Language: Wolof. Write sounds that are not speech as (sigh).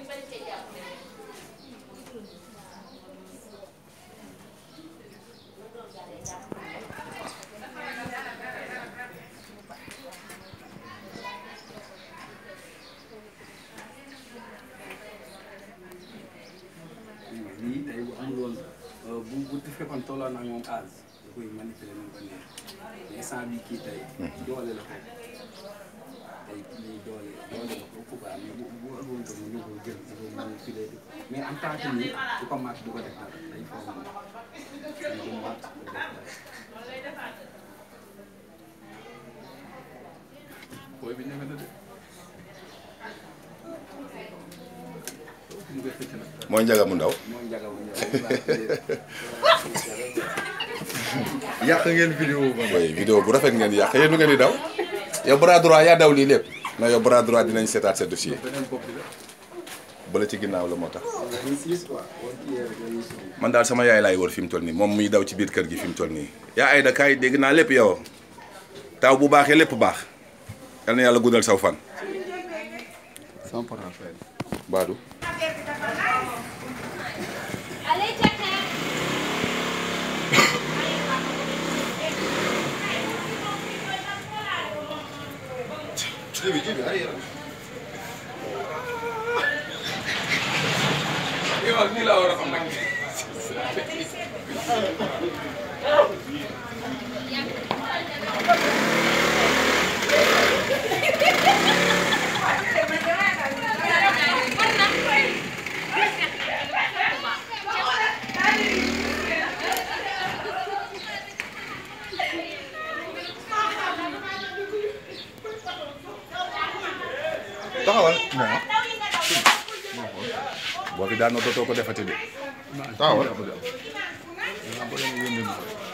lii tey bu amul woon euh, bu bu fekkoon tolloon ak moom aas da koy manipuler nu mu ko neex mais sans bi kii tey. doole la ko tey lii doole doole la ko bu bu mënul ko mais en tant que nit bi ñeme na de. mooy njaga mu ndaw. (laughs) yàq ngeen vidéo ba. waaye vidéo bu rafet ngeen yàq yéen nu ngeen di daw. yow bras droit yaa daw lii lépp. non yow bras droit dinañ seetaat sa dossier bala ci ginnaaw la moo tax ah, man daal sama yaay laay wër fi mu toll nii moom muy daw ci biir kër gi fi mu toll nii. yaa ay da dégg naa lépp yow taw bu baaxee lépp baax yal na yàlla guddal saw fan. sans Живи, живи, ари, ари. yow ak nii laa war a xam nag. taxawal boo fi daanoo dootoo ko defati de taxawal